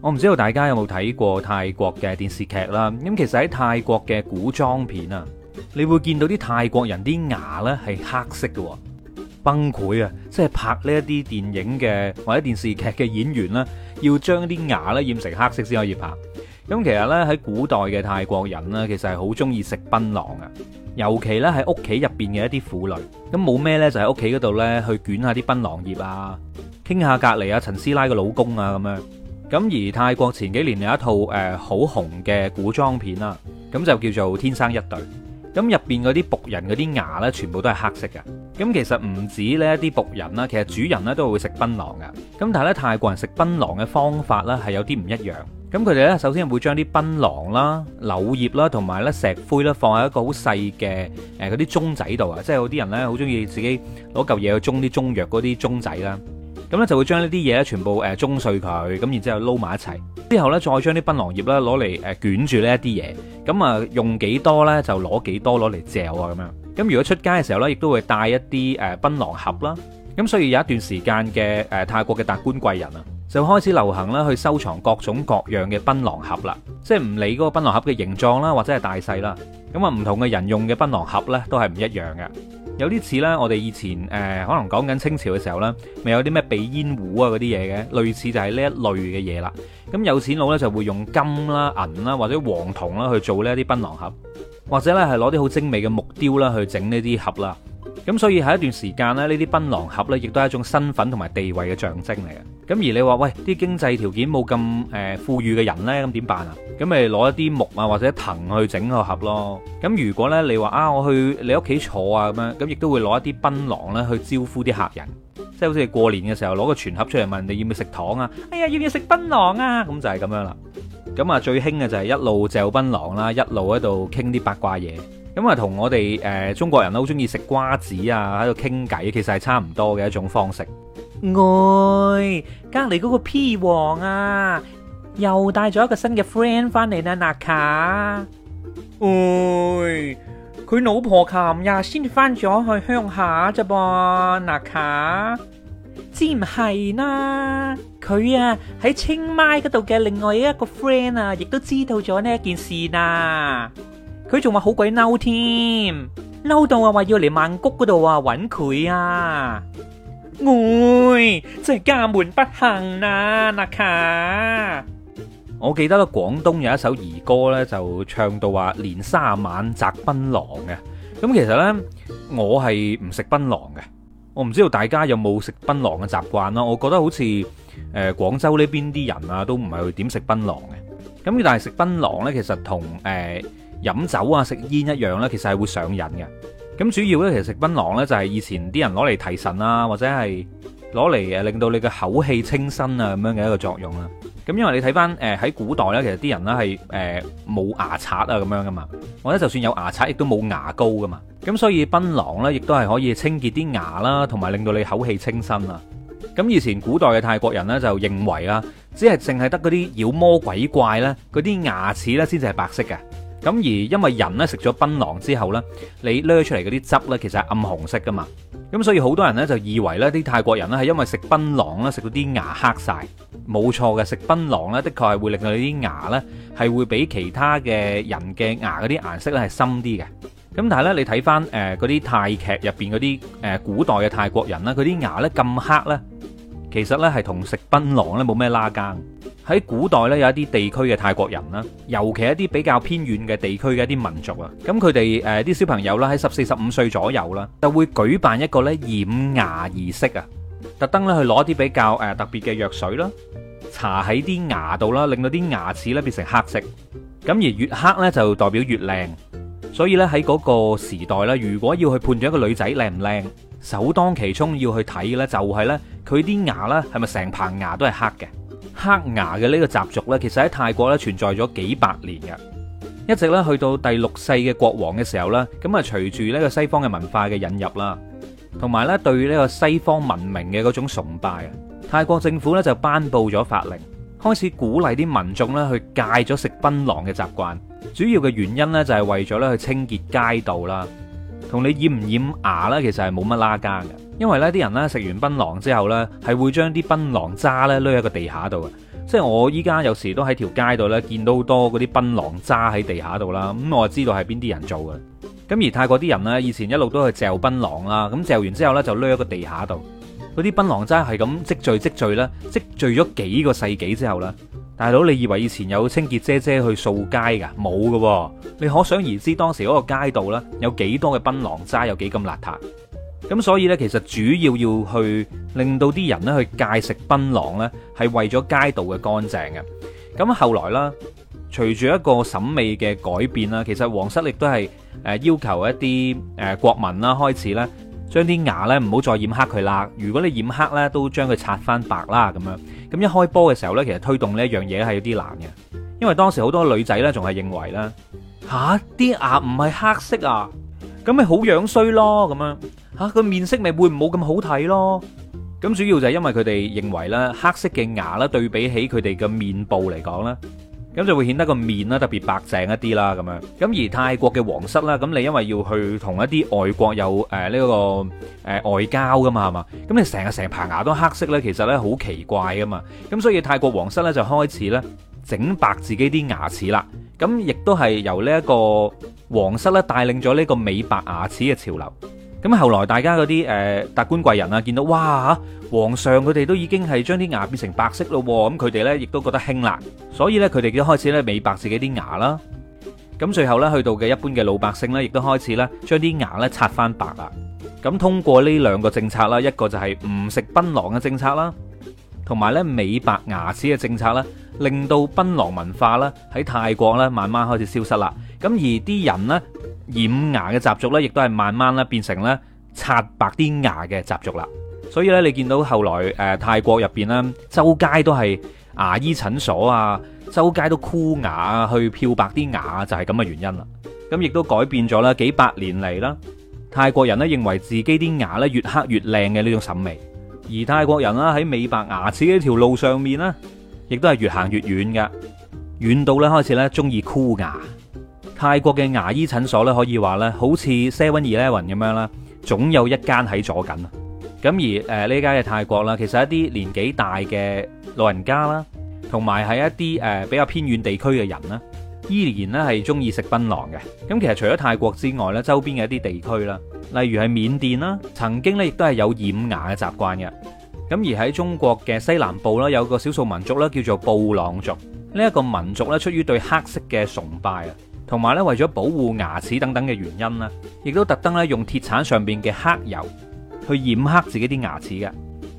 我唔知道大家有冇睇過泰國嘅電視劇啦，咁其實喺泰國嘅古裝片啊，你會見到啲泰國人啲牙呢係黑色嘅，崩潰啊！即係拍呢一啲電影嘅或者電視劇嘅演員呢，要將啲牙呢染成黑色先可以拍。咁其實呢，喺古代嘅泰國人呢，其實係好中意食檳榔啊，尤其呢，喺屋企入邊嘅一啲婦女，咁冇咩呢，就喺屋企嗰度呢，去捲下啲檳榔葉啊，傾下隔籬啊陳師奶嘅老公啊咁樣。咁而泰國前幾年有一套誒好、呃、紅嘅古裝片啦，咁、呃、就叫做《天生一對》。咁入邊嗰啲僕人嗰啲牙呢，全部都係黑色嘅。咁、呃、其實唔止呢啲僕人啦，其實主人呢都會食檳榔嘅。咁但係咧泰國人食檳榔嘅方法呢係有啲唔一樣。咁佢哋呢，首先會將啲檳榔啦、柳葉啦同埋咧石灰啦放喺一個好細嘅誒嗰啲盅仔度啊，即係有啲人呢，好中意自己攞嚿嘢去盅啲中藥嗰啲盅仔啦。咁咧就會將呢啲嘢咧全部誒舂碎佢，咁然之後撈埋一齊，之後呢，再將啲檳榔葉咧攞嚟誒捲住呢一啲嘢，咁啊用幾多呢？就攞幾多攞嚟嚼啊咁樣。咁如果出街嘅時候呢，亦都會帶一啲誒檳榔盒啦。咁所以有一段時間嘅誒泰國嘅達官貴人啊，就開始流行啦去收藏各種各樣嘅檳榔盒啦，即係唔理嗰個檳榔盒嘅形狀啦或者係大細啦，咁啊唔同嘅人用嘅檳榔盒呢，都係唔一樣嘅。有啲似呢，我哋以前誒、呃、可能講緊清朝嘅時候呢，咪有啲咩鼻煙壺啊嗰啲嘢嘅，類似就係呢一類嘅嘢啦。咁有錢佬呢就會用金啦、銀啦或者黃銅啦去做呢啲檳榔盒，或者呢係攞啲好精美嘅木雕啦去整呢啲盒啦。咁所以喺一段時間咧，呢啲檳榔盒呢，亦都係一種身份同埋地位嘅象徵嚟嘅。咁而你話喂，啲經濟條件冇咁誒富裕嘅人呢，咁點辦啊？咁咪攞一啲木啊或者藤去整個盒咯。咁如果呢，你話啊，我去你屋企坐啊咁樣，咁亦都會攞一啲檳榔咧去招呼啲客人，即係好似過年嘅時候攞個全盒出嚟問你要唔要食糖啊？哎呀，要唔要食檳榔啊？咁就係咁樣啦。咁啊最興嘅就係一路嚼檳榔啦，一路喺度傾啲八卦嘢。咁啊，同我哋誒、呃、中國人都好中意食瓜子啊，喺度傾偈，其實係差唔多嘅一種方式。哎，隔離嗰個 P 王啊，又帶咗一個新嘅 friend 翻嚟啦，娜卡。哎，佢老婆琴日先至翻咗去鄉下咋噃，娜卡。知唔係啦？佢啊喺清邁嗰度嘅另外一個 friend 啊，亦都知道咗呢一件事啊。佢仲話好鬼嬲添，嬲到啊話要嚟曼谷嗰度啊揾佢啊！哎，真係家門不幸啊！阿卡，我記得咧廣東有一首兒歌咧就唱到話，年卅晚摘檳榔嘅。咁其實咧，我係唔食檳榔嘅，我唔知道大家有冇食檳榔嘅習慣咯。我覺得好似誒廣州呢邊啲人啊，都唔係去點食檳榔嘅。咁但係食檳榔咧，其實同誒。飲酒啊，食煙一樣呢，其實係會上癮嘅。咁主要呢，其實食檳榔呢，就係以前啲人攞嚟提神啊，或者係攞嚟誒令到你嘅口氣清新啊，咁樣嘅一個作用啦。咁因為你睇翻誒喺古代呢，其實啲人呢係誒冇牙刷啊，咁樣噶嘛。或者就算有牙刷，亦都冇牙膏噶嘛。咁所以檳榔呢，亦都係可以清潔啲牙啦，同埋令到你口氣清新啊。咁以前古代嘅泰國人呢，就認為啦，只係淨係得嗰啲妖魔鬼怪呢，嗰啲牙齒呢先至係白色嘅。咁而因為人呢，食咗檳榔之後呢，你掠出嚟嗰啲汁呢，其實係暗紅色噶嘛。咁、嗯、所以好多人呢就以為呢啲泰國人呢係因為食檳榔呢食到啲牙黑晒。冇錯嘅，食檳榔呢的確係會令到你啲牙呢係會比其他嘅人嘅牙嗰啲顏色呢係深啲嘅。咁、嗯、但係呢，你睇翻誒嗰啲泰劇入邊嗰啲誒古代嘅泰國人呢，佢啲牙呢咁黑呢，其實呢係同食檳榔呢冇咩拉更。喺古代咧，有一啲地區嘅泰國人啦，尤其一啲比較偏遠嘅地區嘅一啲民族啊，咁佢哋誒啲小朋友啦，喺十四十五歲左右啦，就會舉辦一個咧染牙儀式啊，特登咧去攞啲比較誒特別嘅藥水啦，搽喺啲牙度啦，令到啲牙齒咧變成黑色，咁而越黑咧就代表越靚，所以咧喺嗰個時代咧，如果要去判斷一個女仔靚唔靚，首當其衝要去睇嘅咧就係咧佢啲牙咧係咪成棚牙都係黑嘅。黑牙嘅呢個習俗呢，其實喺泰國咧存在咗幾百年嘅，一直咧去到第六世嘅國王嘅時候呢，咁啊隨住呢個西方嘅文化嘅引入啦，同埋呢對呢個西方文明嘅嗰種崇拜啊，泰國政府呢就頒布咗法令，開始鼓勵啲民眾咧去戒咗食檳榔嘅習慣，主要嘅原因呢，就係為咗咧去清潔街道啦，同你染唔染牙呢，其實係冇乜拉更嘅。因為呢啲人呢，食完檳榔之後呢，係會將啲檳榔渣呢，攞喺個地下度嘅。即係我依家有時都喺條街度呢，見到好多嗰啲檳榔渣喺地下度啦。咁我就知道係邊啲人做嘅。咁而泰國啲人呢，以前一路都去嚼檳榔啦，咁嚼完之後呢，就攞喺個地下度。嗰啲檳榔渣係咁積聚積聚啦，積聚咗幾個世紀之後咧，大佬你以為以前有清潔姐姐去掃街噶？冇嘅、哦。你可想而知當時嗰個街道呢，有幾多嘅檳榔渣，有幾咁邋遢。咁所以呢，其實主要要去令到啲人呢，去戒食檳榔呢，係為咗街道嘅乾淨嘅。咁後來啦，隨住一個審美嘅改變啦，其實皇室亦都係誒要求一啲誒、呃、國民啦、啊、開始呢，將啲牙呢唔好再染黑佢啦。如果你染黑呢，都將佢刷翻白啦咁樣。咁一開波嘅時候呢，其實推動呢一樣嘢係有啲難嘅，因為當時好多女仔呢仲係認為啦：啊「吓啲牙唔係黑色啊，咁咪好樣衰咯咁樣。嚇個、啊、面色咪會唔冇咁好睇咯？咁主要就係因為佢哋認為咧，黑色嘅牙啦，對比起佢哋嘅面部嚟講咧，咁就會顯得個面咧特別白淨一啲啦。咁樣咁而泰國嘅皇室啦，咁你因為要去同一啲外國有誒呢、呃這個誒、呃、外交㗎嘛，係嘛？咁你成日成排牙都黑色咧，其實咧好奇怪㗎嘛。咁所以泰國皇室咧就開始咧整白自己啲牙齒啦。咁亦都係由呢一個皇室咧帶領咗呢個美白牙齒嘅潮流。咁後來大家嗰啲誒達官貴人啊，見到哇皇上佢哋都已經係將啲牙變成白色咯，咁佢哋呢亦都覺得輕啦，所以呢，佢哋都開始咧美白自己啲牙啦。咁最後呢，去到嘅一般嘅老百姓呢，亦都開始呢將啲牙呢刷翻白啦。咁通過呢兩個政策啦，一個就係唔食檳榔嘅政策啦，同埋呢美白牙齒嘅政策啦，令到檳榔文化啦喺泰國呢慢慢開始消失啦。咁而啲人呢。染牙嘅習俗咧，亦都係慢慢咧變成咧刷白啲牙嘅習俗啦。所以咧，你見到後來誒、呃、泰國入邊咧，周街都係牙醫診所啊，周街都箍牙啊，去漂白啲牙就係咁嘅原因啦。咁、嗯、亦都改變咗啦，幾百年嚟啦，泰國人咧認為自己啲牙咧越黑越靚嘅呢種審美，而泰國人啦喺美白牙齒呢條路上面咧，亦都係越行越遠噶，遠到咧開始咧中意箍牙。泰國嘅牙醫診所咧，可以話咧，好似 Seven Eleven 咁樣啦，總有一間喺左近。咁而誒呢家嘅泰國啦，其實一啲年紀大嘅老人家啦，同埋係一啲誒、呃、比較偏遠地區嘅人咧，依然咧係中意食檳榔嘅。咁其實除咗泰國之外咧，周邊嘅一啲地區啦，例如係緬甸啦，曾經咧亦都係有染牙嘅習慣嘅。咁而喺中國嘅西南部啦，有個少數民族咧，叫做布朗族呢一、呢個民族咧，出於對黑色嘅崇拜啊，同埋咧，為咗保護牙齒等等嘅原因咧，亦都特登咧用鐵鏟上邊嘅黑油去染黑自己啲牙齒嘅。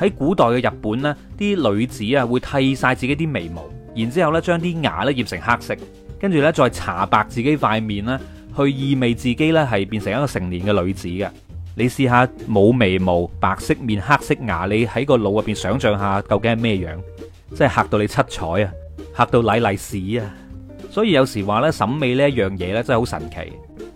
喺古代嘅日本，呢啲女子啊會剃晒自己啲眉毛，然之後咧將啲牙咧染成黑色，跟住咧再搽白自己塊面咧，去意味自己咧係變成一個成年嘅女子嘅。你試下冇眉毛、白色面、黑色牙，你喺個腦入邊想象下，究竟係咩樣？真係嚇到你七彩啊！嚇到瀨瀨屎啊！所以有時話咧審美呢一樣嘢咧真係好神奇，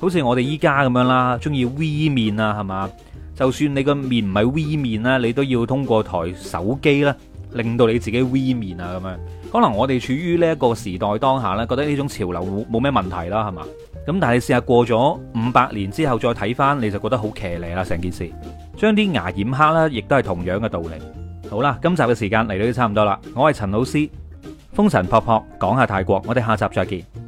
好似我哋依家咁樣啦，中意 V 面啊，係嘛？就算你個面唔係 V 面啦，你都要通過台手機啦，令到你自己 V 面啊咁樣。可能我哋處於呢一個時代當下呢，覺得呢種潮流冇咩問題啦，係嘛？咁但係你試下過咗五百年之後再睇返，你就覺得好騎呢啦成件事。將啲牙染黑啦，亦都係同樣嘅道理。好啦，今集嘅時間嚟到都差唔多啦，我係陳老師。風塵僕僕，講下泰國，我哋下集再見。